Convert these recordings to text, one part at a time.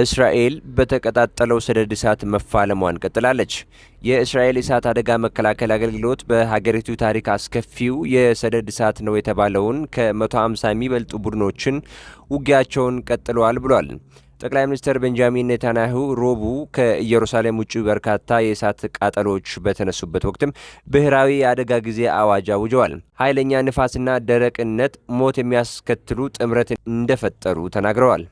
እስራኤል በተቀጣጠለው ሰደድ እሳት መፋለሟን ቀጥላለች። የእስራኤል እሳት አደጋ መከላከል አገልግሎት በሀገሪቱ ታሪክ አስከፊው የሰደድ እሳት ነው የተባለውን ከ150 የሚበልጡ ቡድኖችን ውጊያቸውን ቀጥለዋል ብሏል። ጠቅላይ ሚኒስትር ቤንጃሚን ኔታንያሁ ሮቡ ከኢየሩሳሌም ውጭ በርካታ የእሳት ቃጠሎች በተነሱበት ወቅትም ብሔራዊ የአደጋ ጊዜ አዋጅ አውጀዋል። ኃይለኛ ንፋስና ደረቅነት ሞት የሚያስከትሉ ጥምረት እንደፈጠሩ ተናግረዋል።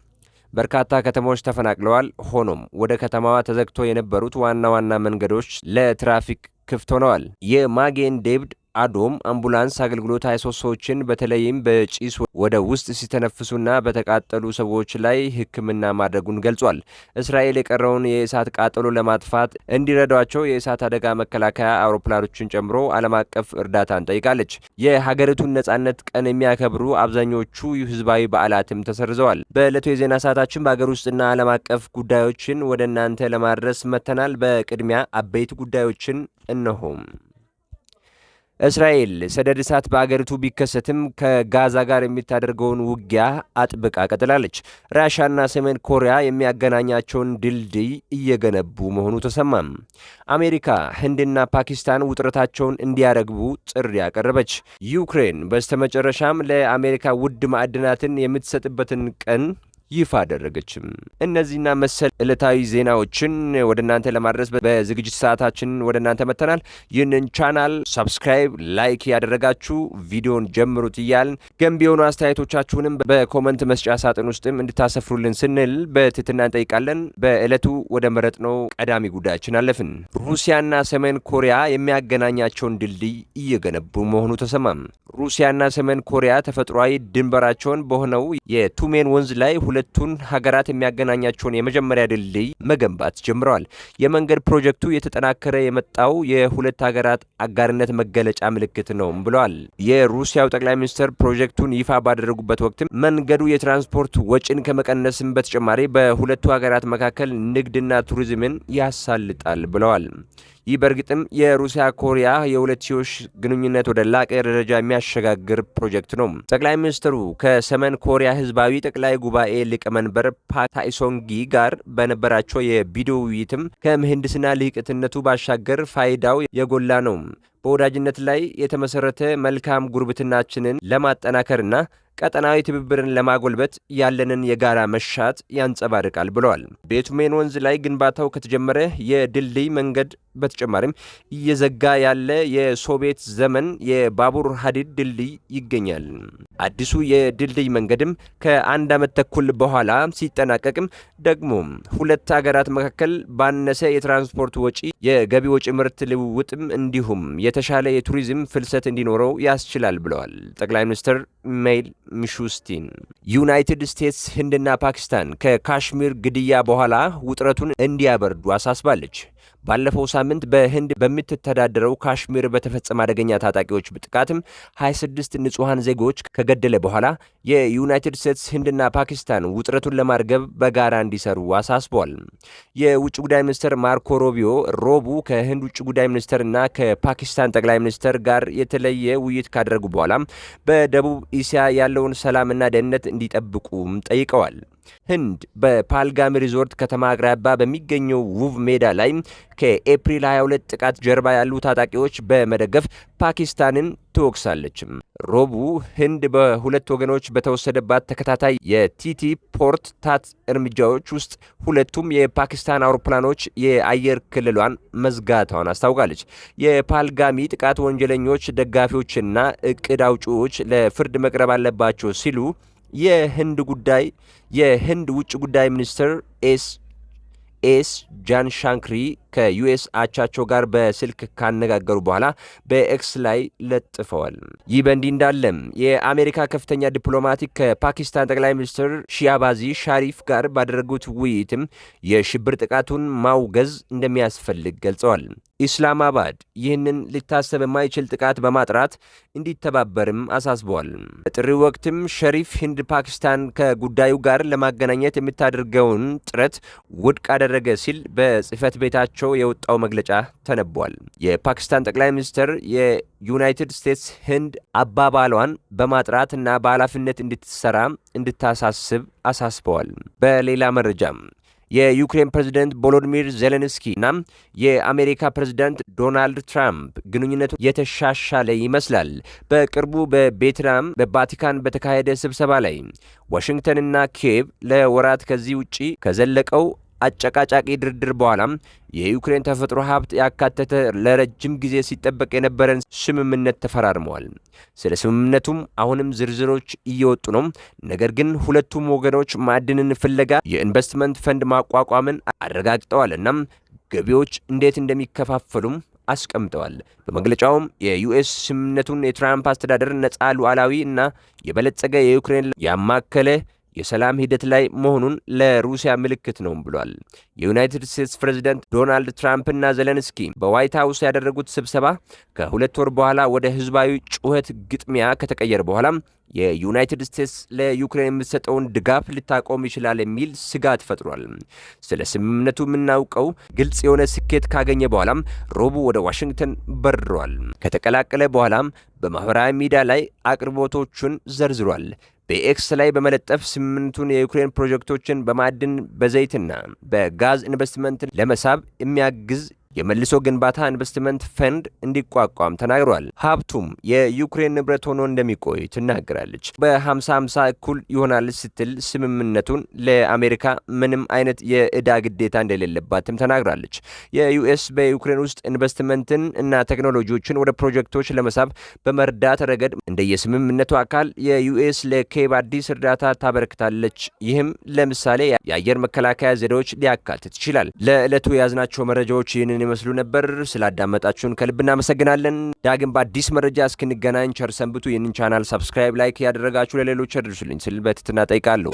በርካታ ከተሞች ተፈናቅለዋል። ሆኖም ወደ ከተማዋ ተዘግቶ የነበሩት ዋና ዋና መንገዶች ለትራፊክ ክፍት ሆነዋል። የማጌን ዴብድ አዶም አምቡላንስ አገልግሎት 23 ሰዎችን በተለይም በጭስ ወደ ውስጥ ሲተነፍሱና በተቃጠሉ ሰዎች ላይ ሕክምና ማድረጉን ገልጿል። እስራኤል የቀረውን የእሳት ቃጠሎ ለማጥፋት እንዲረዷቸው የእሳት አደጋ መከላከያ አውሮፕላኖችን ጨምሮ ዓለም አቀፍ እርዳታን ጠይቃለች። የሀገሪቱን ነጻነት ቀን የሚያከብሩ አብዛኞቹ ህዝባዊ በዓላትም ተሰርዘዋል። በዕለቱ የዜና ሰዓታችን በሀገር ውስጥና ዓለም አቀፍ ጉዳዮችን ወደ እናንተ ለማድረስ መተናል። በቅድሚያ አበይት ጉዳዮችን እነሆም እስራኤል ሰደድ እሳት በአገሪቱ ቢከሰትም ከጋዛ ጋር የምታደርገውን ውጊያ አጥብቃ ቀጥላለች። ራሻና ሰሜን ኮሪያ የሚያገናኛቸውን ድልድይ እየገነቡ መሆኑ ተሰማም። አሜሪካ፣ ህንድና ፓኪስታን ውጥረታቸውን እንዲያረግቡ ጥሪ ያቀረበች። ዩክሬን በስተመጨረሻም ለአሜሪካ ውድ ማዕድናትን የምትሰጥበትን ቀን ይፋ አደረገችም። እነዚህና መሰል ዕለታዊ ዜናዎችን ወደ እናንተ ለማድረስ በዝግጅት ሰዓታችን ወደ እናንተ መጥተናል። ይህንን ቻናል ሰብስክራይብ፣ ላይክ ያደረጋችሁ ቪዲዮን ጀምሩት እያልን ገንቢ የሆኑ አስተያየቶቻችሁንም በኮመንት መስጫ ሳጥን ውስጥም እንድታሰፍሩልን ስንል በትህትና እንጠይቃለን። በዕለቱ ወደ መረጥነው ቀዳሚ ጉዳያችን አለፍን። ሩሲያና ሰሜን ኮሪያ የሚያገናኛቸውን ድልድይ እየገነቡ መሆኑ ተሰማም። ሩሲያና ሰሜን ኮሪያ ተፈጥሯዊ ድንበራቸውን በሆነው የቱሜን ወንዝ ላይ ሁለቱን ሀገራት የሚያገናኛቸውን የመጀመሪያ ድልድይ መገንባት ጀምረዋል። የመንገድ ፕሮጀክቱ የተጠናከረ የመጣው የሁለት ሀገራት አጋርነት መገለጫ ምልክት ነው ብለዋል። የሩሲያው ጠቅላይ ሚኒስትር ፕሮጀክቱን ይፋ ባደረጉበት ወቅትም መንገዱ የትራንስፖርት ወጪን ከመቀነስም በተጨማሪ በሁለቱ ሀገራት መካከል ንግድና ቱሪዝምን ያሳልጣል ብለዋል። ይህ በእርግጥም የሩሲያ ኮሪያ የሁለትዮሽ ግንኙነት ወደ ላቀ ደረጃ የሚያሸጋግር ፕሮጀክት ነው። ጠቅላይ ሚኒስትሩ ከሰሜን ኮሪያ ህዝባዊ ጠቅላይ ጉባኤ ሊቀመንበር ፓታይሶንጊ ጋር በነበራቸው የቪዲዮ ውይይትም ከምህንድስና ልህቅትነቱ ባሻገር ፋይዳው የጎላ ነው። በወዳጅነት ላይ የተመሰረተ መልካም ጉርብትናችንን ለማጠናከርና ቀጠናዊ ትብብርን ለማጎልበት ያለንን የጋራ መሻት ያንጸባርቃል ብለዋል። ቤቱሜን ወንዝ ላይ ግንባታው ከተጀመረ የድልድይ መንገድ በተጨማሪም እየዘጋ ያለ የሶቪየት ዘመን የባቡር ሀዲድ ድልድይ ይገኛል። አዲሱ የድልድይ መንገድም ከአንድ ዓመት ተኩል በኋላ ሲጠናቀቅም ደግሞ ሁለት ሀገራት መካከል ባነሰ የትራንስፖርት ወጪ፣ የገቢ ወጪ ምርት ልውውጥም እንዲሁም የተሻለ የቱሪዝም ፍልሰት እንዲኖረው ያስችላል ብለዋል ጠቅላይ ሚኒስትር ሜይል ሚሹስቲን። ዩናይትድ ስቴትስ ህንድና ፓኪስታን ከካሽሚር ግድያ በኋላ ውጥረቱን እንዲያበርዱ አሳስባለች። ባለፈው ሳምንት በህንድ በምትተዳደረው ካሽሚር በተፈጸመ አደገኛ ታጣቂዎች ጥቃትም 26 ንጹሐን ዜጎች ከገደለ በኋላ የዩናይትድ ስቴትስ ህንድና ፓኪስታን ውጥረቱን ለማርገብ በጋራ እንዲሰሩ አሳስበዋል። የውጭ ጉዳይ ሚኒስትር ማርኮ ሮቢዮ ሮቡ ከህንድ ውጭ ጉዳይ ና ከፓኪስታን ጠቅላይ ሚኒስትር ጋር የተለየ ውይይት ካደረጉ በኋላ በደቡብ እስያ ያለውን ሰላምና ደህንነት እንዲጠብቁም ጠይቀዋል። ህንድ በፓልጋም ሪዞርት ከተማ አቅራባ በሚገኘው ውብ ሜዳ ላይ ከኤፕሪል 22 ጥቃት ጀርባ ያሉ ታጣቂዎች በመደገፍ ፓኪስታንን ትወቅሳለች። ሮቡ ህንድ በሁለት ወገኖች በተወሰደባት ተከታታይ የቲቲ ፖርት ታት እርምጃዎች ውስጥ ሁለቱም የፓኪስታን አውሮፕላኖች የአየር ክልሏን መዝጋቷን አስታውቃለች። የፓልጋሚ ጥቃት ወንጀለኞች ደጋፊዎችና እቅድ አውጪዎች ለፍርድ መቅረብ አለባቸው ሲሉ የህንድ ጉዳይ የህንድ ውጭ ጉዳይ ሚኒስትር ኤስ ኤስ ሻንክሪ ከዩኤስ አቻቸው ጋር በስልክ ካነጋገሩ በኋላ በኤክስ ላይ ለጥፈዋል። ይህ በእንዲህ እንዳለም የአሜሪካ ከፍተኛ ዲፕሎማቲክ ከፓኪስታን ጠቅላይ ሚኒስትር ሺያባዚ ሻሪፍ ጋር ባደረጉት ውይይትም የሽብር ጥቃቱን ማውገዝ እንደሚያስፈልግ ገልጸዋል። ኢስላማባድ ይህንን ሊታሰብ የማይችል ጥቃት በማጥራት እንዲተባበርም አሳስበዋል። በጥሪ ወቅትም ሸሪፍ ህንድ ፓኪስታን ከጉዳዩ ጋር ለማገናኘት የምታደርገውን ጥረት ውድቅ አደረገ ሲል በጽህፈት ቤታቸው በበኩላቸው የወጣው መግለጫ ተነቧል። የፓኪስታን ጠቅላይ ሚኒስትር የዩናይትድ ስቴትስ ህንድ አባባሏን በማጥራት እና በኃላፊነት እንድትሰራ እንድታሳስብ አሳስበዋል። በሌላ መረጃም የዩክሬን ፕሬዝደንት ቮሎዲሚር ዜሌንስኪ እና የአሜሪካ ፕሬዝዳንት ዶናልድ ትራምፕ ግንኙነቱ የተሻሻለ ይመስላል። በቅርቡ በቤትናም በቫቲካን በተካሄደ ስብሰባ ላይ ዋሽንግተንና ኪየቭ ለወራት ከዚህ ውጪ ከዘለቀው አጨቃጫቂ ድርድር በኋላም የዩክሬን ተፈጥሮ ሀብት ያካተተ ለረጅም ጊዜ ሲጠበቅ የነበረን ስምምነት ተፈራርመዋል። ስለ ስምምነቱም አሁንም ዝርዝሮች እየወጡ ነው። ነገር ግን ሁለቱም ወገኖች ማዕድንን ፍለጋ የኢንቨስትመንት ፈንድ ማቋቋምን አረጋግጠዋል እናም ገቢዎች እንዴት እንደሚከፋፈሉም አስቀምጠዋል። በመግለጫውም የዩኤስ ስምምነቱን የትራምፕ አስተዳደር ነፃ ሉዓላዊ እና የበለጸገ የዩክሬን ያማከለ የሰላም ሂደት ላይ መሆኑን ለሩሲያ ምልክት ነው ብሏል። የዩናይትድ ስቴትስ ፕሬዚደንት ዶናልድ እና ዘለንስኪ በዋይት ሀውስ ያደረጉት ስብሰባ ከሁለት ወር በኋላ ወደ ህዝባዊ ጩኸት ግጥሚያ ከተቀየረ በኋላም የዩናይትድ ስቴትስ ለዩክሬን የምትሰጠውን ድጋፍ ልታቆም ይችላል የሚል ስጋት ፈጥሯል። ስለ ስምምነቱ የምናውቀው ግልጽ የሆነ ስኬት ካገኘ በኋላም ሮቡ ወደ ዋሽንግተን በርሯል። ከተቀላቀለ በኋላም በማህበራዊ ሚዲያ ላይ አቅርቦቶቹን ዘርዝሯል። በኤክስ ላይ በመለጠፍ ስምንቱን የዩክሬን ፕሮጀክቶችን በማዕድን በዘይትና በጋዝ ኢንቨስትመንት ለመሳብ የሚያግዝ የመልሶ ግንባታ ኢንቨስትመንት ፈንድ እንዲቋቋም ተናግሯል። ሀብቱም የዩክሬን ንብረት ሆኖ እንደሚቆይ ትናገራለች። በ50 50 እኩል ይሆናል ስትል ስምምነቱን ለአሜሪካ ምንም አይነት የእዳ ግዴታ እንደሌለባትም ተናግራለች። የዩኤስ በዩክሬን ውስጥ ኢንቨስትመንትን እና ቴክኖሎጂዎችን ወደ ፕሮጀክቶች ለመሳብ በመርዳት ረገድ እንደየስምምነቱ አካል የዩኤስ ለኬቭ አዲስ እርዳታ ታበረክታለች። ይህም ለምሳሌ የአየር መከላከያ ዘዴዎች ሊያካትት ይችላል። ለዕለቱ የያዝናቸው መረጃዎች ይህንን ይህንን ይመስሉ ነበር። ስላዳመጣችሁን ከልብ እናመሰግናለን። ዳግም በአዲስ መረጃ እስክንገናኝ ቸር ሰንብቱ። ይህንን ቻናል ሰብስክራይብ፣ ላይክ ያደረጋችሁ ለሌሎች አድርሱልኝ ስል በትህትና ጠይቃለሁ።